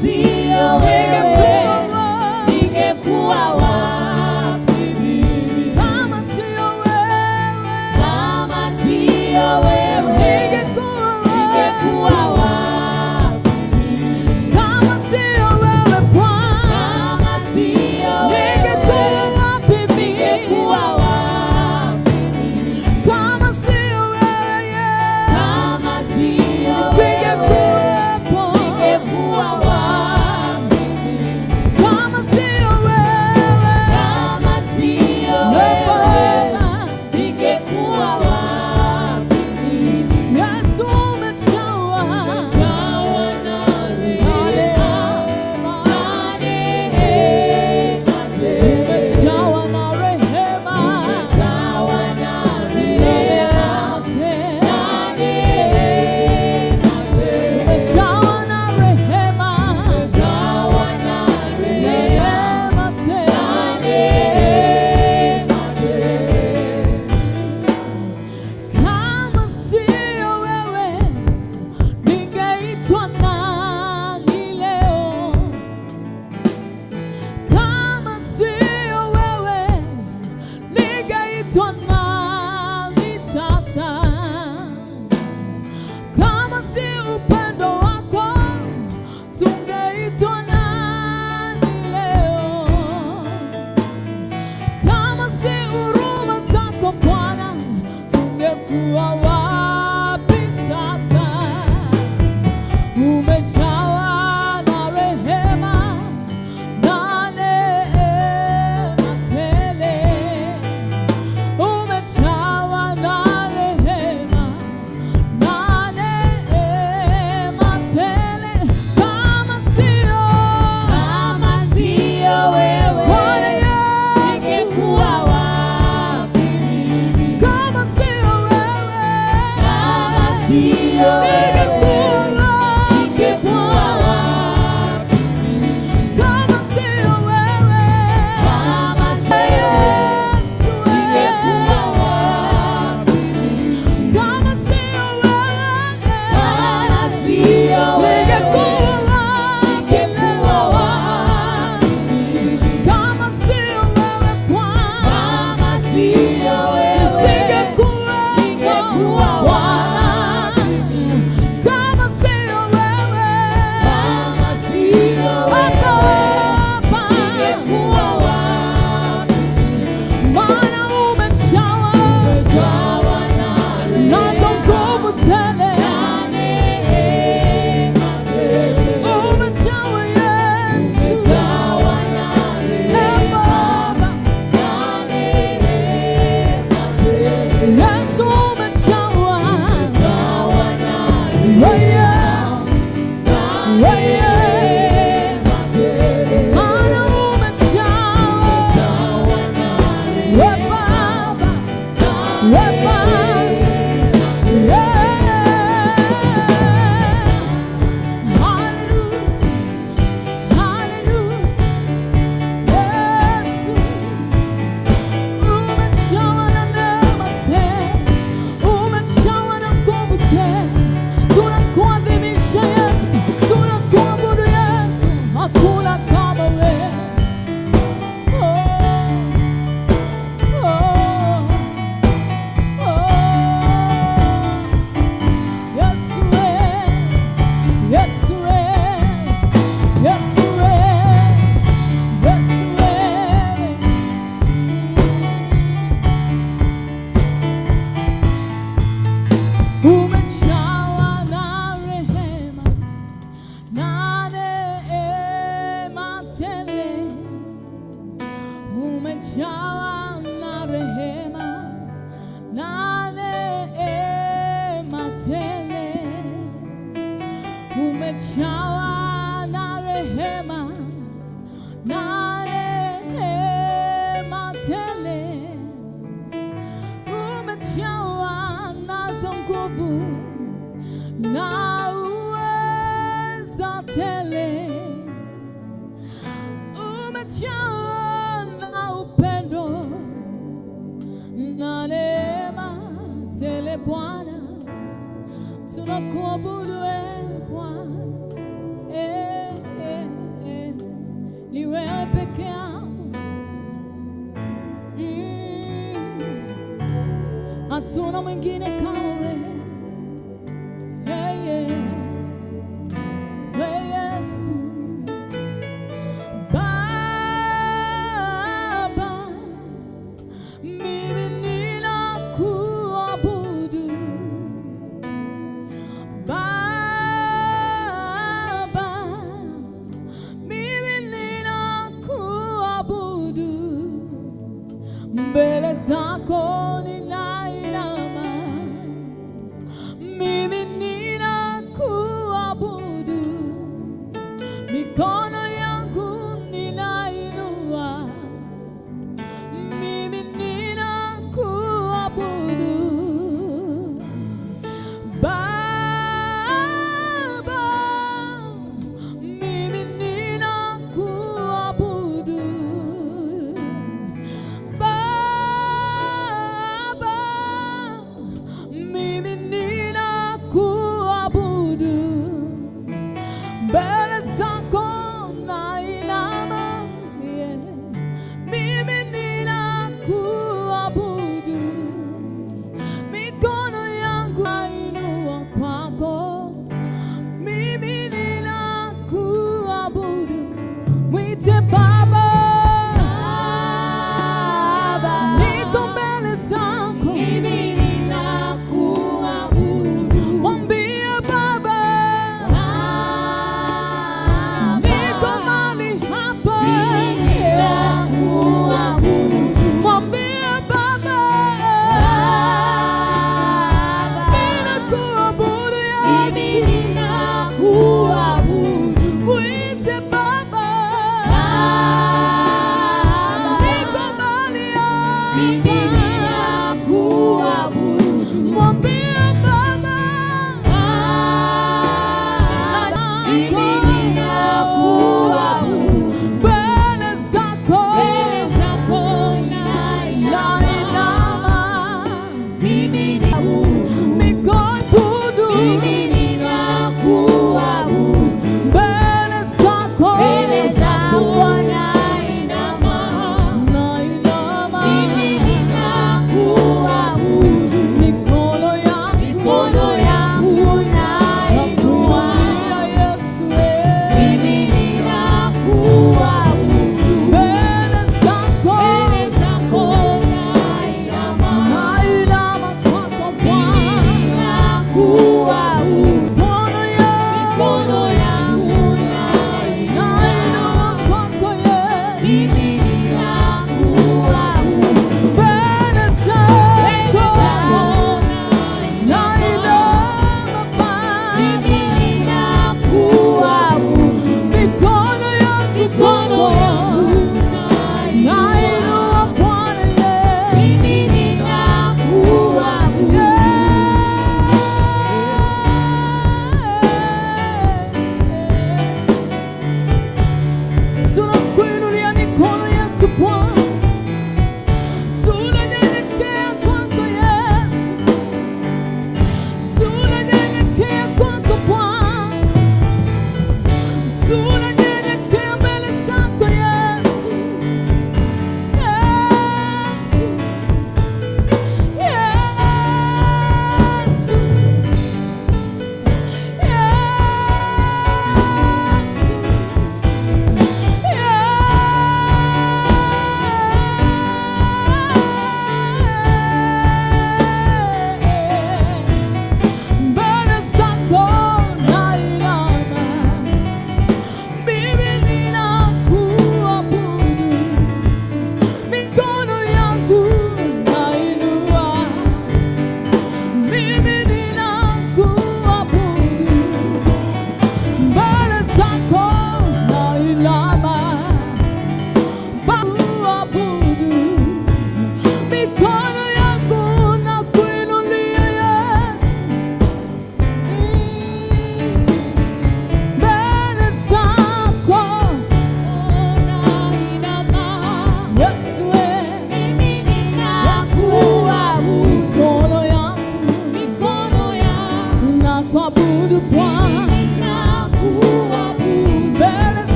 see. it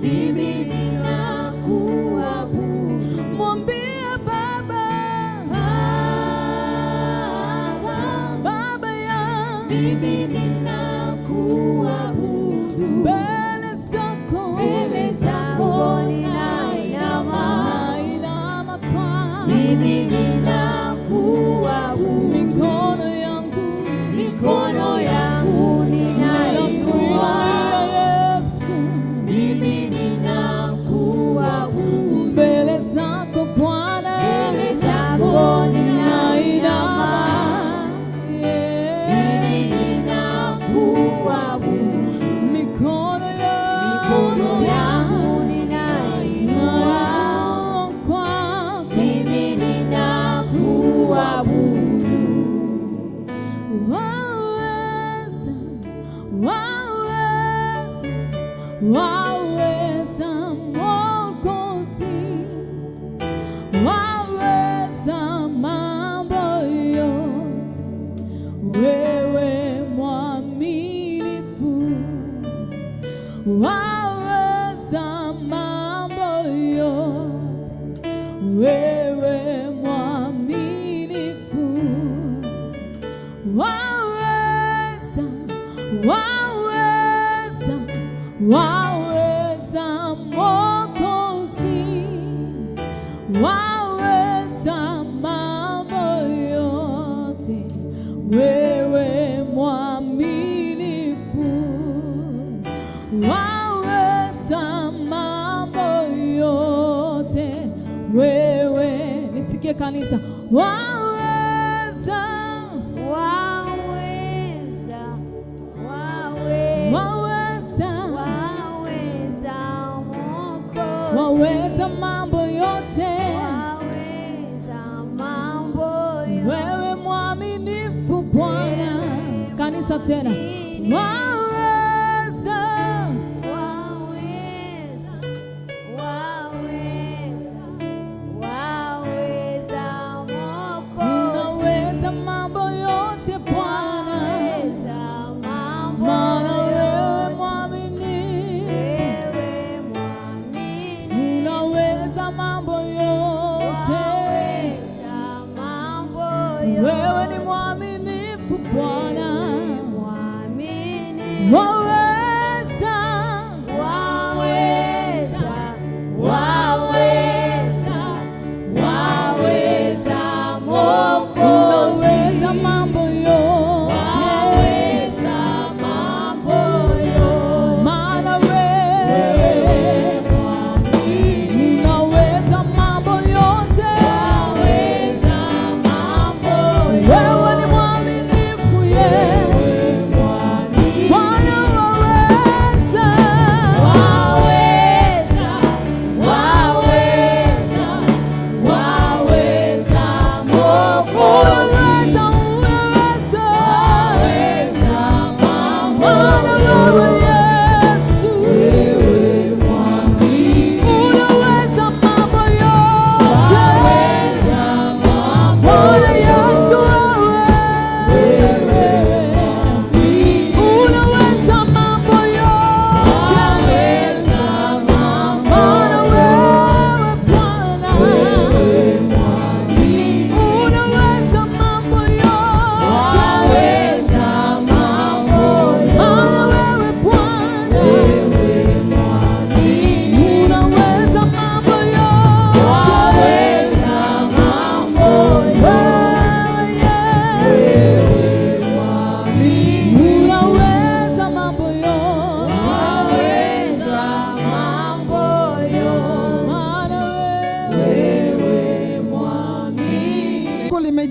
Mimi. Why? kanisa wow.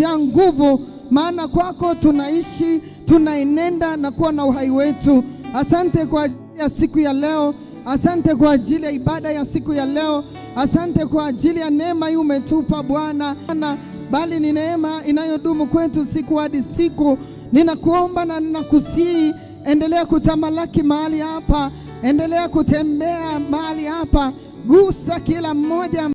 umejaa nguvu, maana kwako tunaishi, tunaenenda na kuwa na uhai wetu. Asante kwa ajili ya siku ya leo, asante kwa ajili ya ibada ya siku ya leo, asante kwa ajili ya neema hii umetupa Bwana, bali ni neema inayodumu kwetu siku hadi siku. Ninakuomba na ninakusihi, endelea kutamalaki mahali hapa, endelea kutembea mahali hapa, gusa kila mmoja.